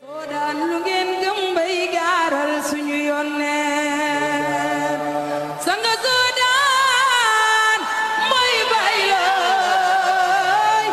soo daan lu ngeen gëm bay gaaral suñu yónnee sanga soo daan mooy bay looy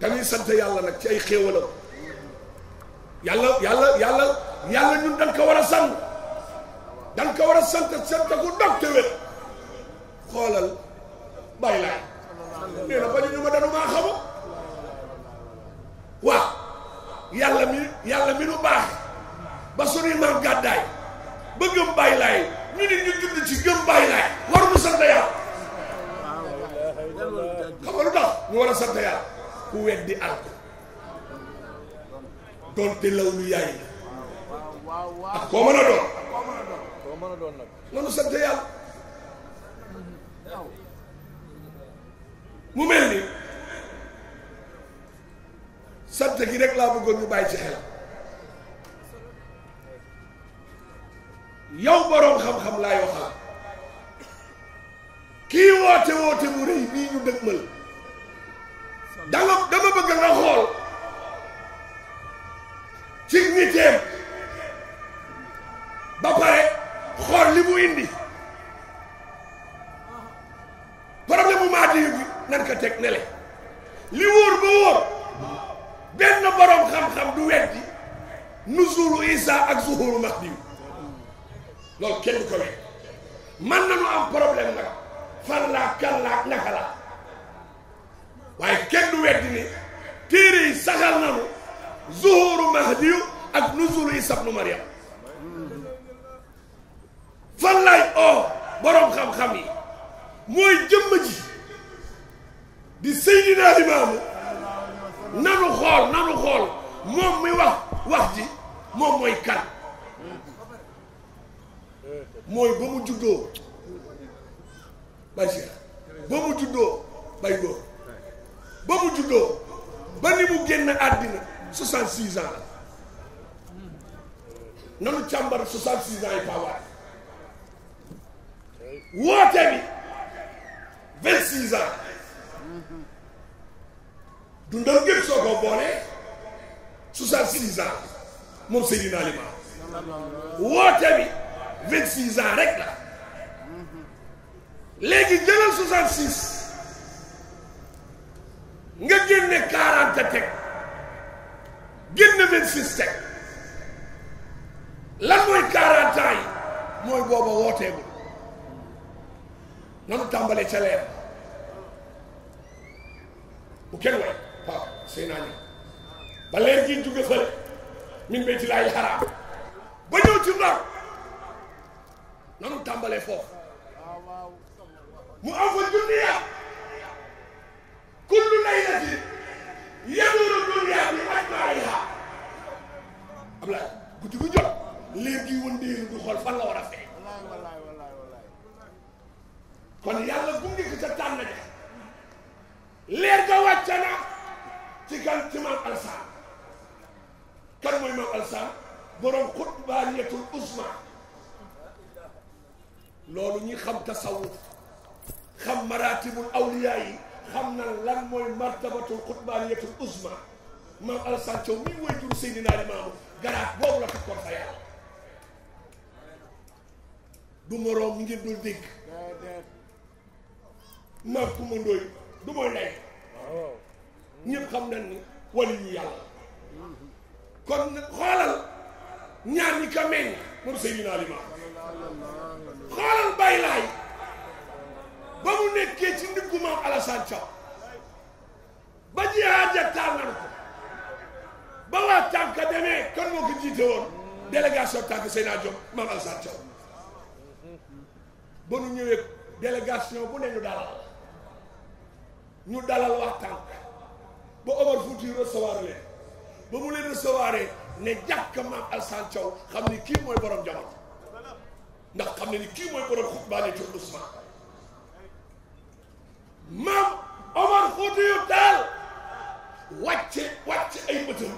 dañuy sant yàlla nag ci ay xéewalam yàlla yàlla yàlla yàlla ñun dañ ko war a sant dañ ko war a sant sant ku dog te wér xoolal bay laay nee na bañu danumaa yàlla mi yàlla mi nu baax ba sunuy maam gàddaay ba gëm bàyyi laay ñu nit ñu ci gëm bàyyi laay war mu sant yàlla xam nga lu a sant law lu yaay ak koo mën a doon nanu sant mu mel ni sant gi rek laa bëggoon ñu bàyyi ci xel yow boroom xam-xam laa yoo xam kii woote woote bu rëy bii ñu dëgmal danga dama bëgg nga xool ci niteem ba pare xool li mu indi problème mu maati yu nan ko teg nele ak zuhuru mahdi lol kenn ko wax man nañu am problème nak far la kan la naka laa waaye kenn du wedd ni tire yi saxal nanu zuhuru mahdi ak nuzul isa ibn maryam far lay o borom xam-xam yi moy jëm ji di sayyidina imam nanu xol nanu xol mom mi wax wax ji moom mooy kan mooy ba mu juddoo bay Cheikh ba mu juddoo ba mu juddoo ba ni mu génn àddina 66 ans la nanu càmbar 66 ans yi paawaat woote bi 26 ans dundam gépp soo ko boolee 66 ans moom Seydina Limaamu woote bi vingt six ans rek la léegi jëlal soixante six nga génne quarante teg génne vingt six teg lan mooy quarante mooy booba wootee bu nanu tàmbalee ca leer bu kenn way waaw sëy naa ni ba leer gi jóge min bayti laay xaraam ba ñëw ci ndar nanu tàmbalee foofu mu am fa dunya kullu laylatin yaduru dunya bi ajmaiha am la guddi gu jot léegi wëndeelu du xool fan la war a fee kon yàlla gunge ko ca tànn ja leer ga wàcc na ci kan ci man alsaan kan mooy maam alsan borom xutbaaniyatul usma loolu ñi xam tasawuf xam maratibul awliya yi xam na lan mooy martabatul xutbaaniyatul usma maam alsan Thiaw mi woy jur Seydina Limaamu garaat boobu la takkoon fa yàlla du moroom ngir dul dégg maam ku ma ndóoy du mooy lay ñëpp xam nañ ni wali ñu yàlla kon xolal ñaar ñi ka meñ sayyidina ali ma xolal bay lay ba mu nekké ci ndiggu maam Alassane Thiaw ba jihaad ja tanal ko ba tan ka demé kon mo ko jité won délégation tànk Seydina Diop maam Alassane Thiaw ba nu ñëwé délégation bu ne ñu dalal ñu dalal wa tan ba Omar Fouti recevoir leen ba mu leen recevoir ne jàkk maam Alassane Thiaw xam ni kii mooy borom jamono ndax xam ne ni kii mooy borom xutbaane ci Ousmane maam Omar Foutiyou Tall wàcce wàcce ay bëtam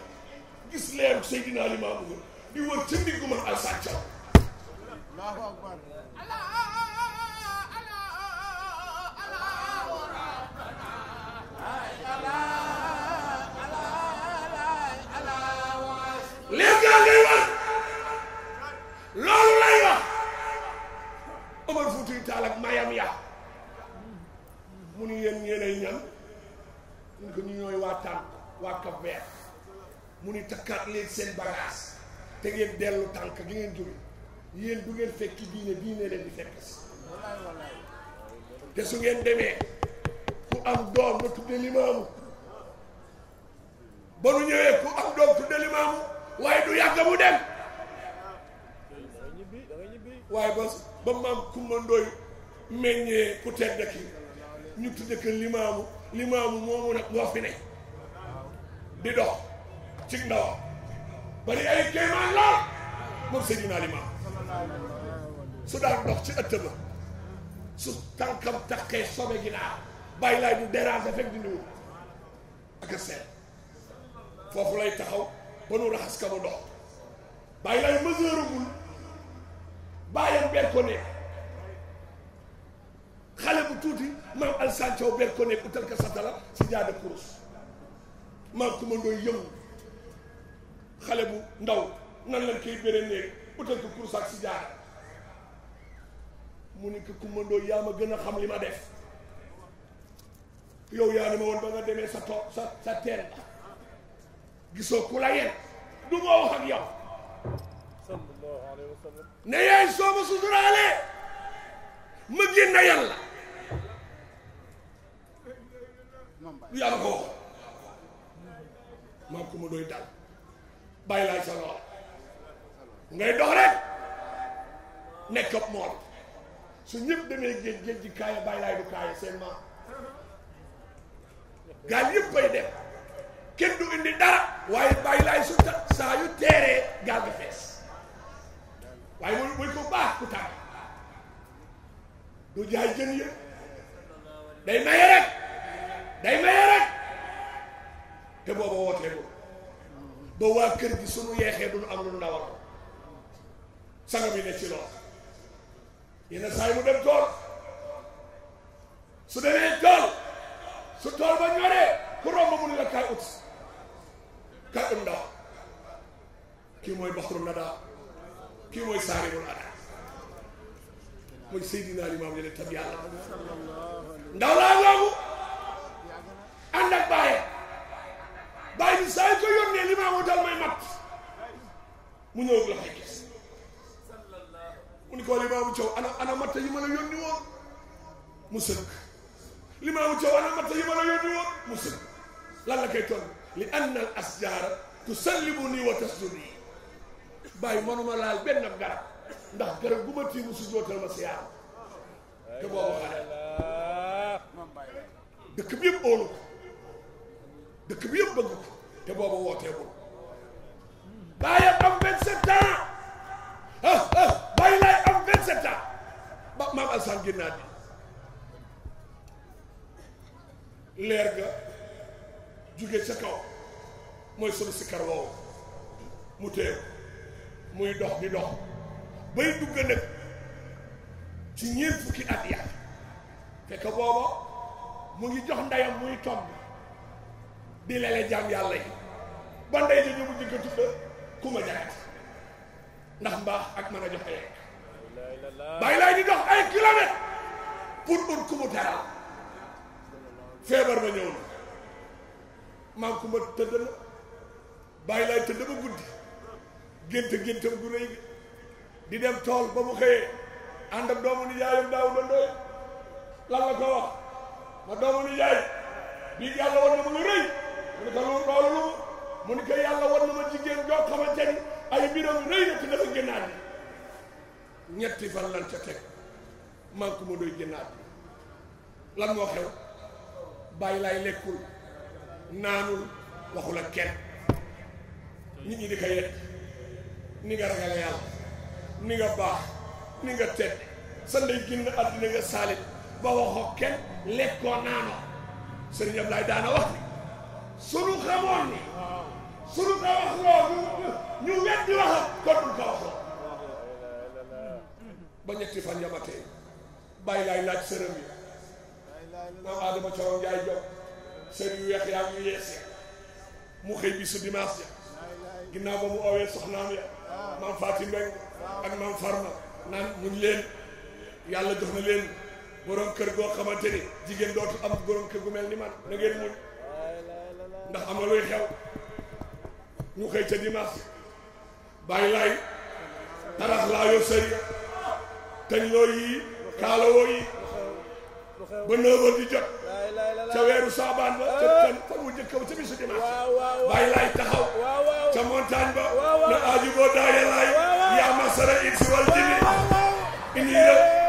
gis leen Seydina Limaamu di wër ci ndiggu maam Alassane Thiaw waxal ak mayam ya mu ni yéen ñeenay ñan mun ko ñu ñooy waa tànk waa kaf weer mu ni takkaat leen seen bagage te ngeen dellu tànk gi ngeen jóge yéen du ngeen fekki diine diine leen di fekk si te su ngeen demee ku am doom na tudde limaamu ba nu ñëwee ku am doom tudde limaamu waaye du yàgg mu dem waaye ba ba maam kumba meññee ku tedd ki ñu tudde ko limaamu limaamu moomu nag moo fi ne di dox ci ndawam bari ay kéemaan lool moom Seydina Limaam su daan dox ci ëtt ba su tànkam takkee sobe ginnaaw bàyyi laay du déranger fekk di nuyu ak a seet foofu lay taxaw ba nu raxas ka mu dox bàyyi laay mesure benn ko nekk tuuti maam Alassane Thiaw ber ko nekk utal ka satala si jaada kurus maam ku ma ndooy yëngu xale bu ndaw nan lañ koy bére néeg utal ko kurus ak si mu ni ko kumandoo yaa ma gën a xam li ma def yow yaa ni ma woon ba nga demee sa to- sa sa teen gisoo ku la yen du ma wax ak yow ne yaay soo ma suturaalee ma génn yàlla du yàlla ko wax maam ku ma looy dal bàyyi laay sa loxo ngay dox rek nekk ab su ñëpp demee géej ji kaaya bàyyi laay kaaya seen maam gaal yëpp ay dem kenn du indi dara waaye bàyyi su ta yu teeree gaal ga fees waaye mooy mooy ko baax ku tàgg du jaay jën yëpp day maye rek day maye rek te booba wootee ko ba waa kër gi suñu yeexee duñu am lu ndawal sanga bi ne ci lool yenn saa yi mu dem tool su demee tool su tool ba ñoree ku romb mu ne la ut kaay ut ndaw kii mooy baxru nada kii mooy saarimul ada mooy seydina limaam ñu leen tab ndaw laa ngoogu ànd ak bàyye bàyyi saa yu yónnee li maa dal may mat mu ñëw la fay gis mu ni ko limaamu coow ana ana matt yi ma la yónni mu sëkk limaamu coow ana matt yi ma la yónni woon mu sëkk lan la koy toll li anna al asjaara tusallimuni wa tasjudi bàyyi manuma laal benn garab ndax dëkk bi óolu dëkk bi yëpp bëgg ko te booba wooteegul bàyyi am vingt sept ans ah ah bàyyi laay am vingt sept ans ba maam alsan ginnaa bi leer ga jóge ca kaw mooy sunu sikkar woowu mu téew muy dox di dox bay dugg nag ci ñeent fukki at fekk booba mu ngi jox ndeyam muy tomb di lele jaam yàlla yi ba ndey di ñu mujj ko tudda ndax mbaax ak mën a joxe lekk bàyyi laay di dox ay kilomètres pour ut ku feebar ba ñëw na maam kumba tëdd na bàyyi laay tëdd ba guddi gént géntam di dem tool ba mu xëyee ànd ak doomu nijaayam daaw da lan la ko ma doomu nijaay bii yàlla war na mu rëy mu ne ko loolu yàlla war na ma jigéen joo xamante ni ay mbiram rëy na ci dafa gënaat ñetti fan lan ca teg man ko mu doy gënaat bi lan moo xew bàyyi laay lekkul naanul waxul ak kenn nit di ko ni nga ni nga ni nga tedd sa ndey génn ba waxoo kenn lekkoo naanoo sëriñ Ablaay daana wax sunu xamoon ni sunu ko wax loolu ñu wet di wax kon duñ ko wax ba ñetti fan yamatee bàyyi laay laaj sërëm yi maam Adama Coro Njaay jox sër yu weex yaa ñu yees mu xëy bi su dimanche ja ginnaaw ba mu oowee soxnaam ya maam Faati Mbeng ak maam Farma naan ñu ngi leen yàlla jox na leen borom kër goo xamante ni jigéen dootu am borom kër gu mel ni man na ngeen ndax am na luy xew ñu xëy ca dimanche bàyyi laay tarax laa yoo sëy teñ loo yi di jot ca weeru saabaan ba ca mu jëkk ba ca bisu ba na aaju boo daaye laay yaa masara it si wal jini ini yëpp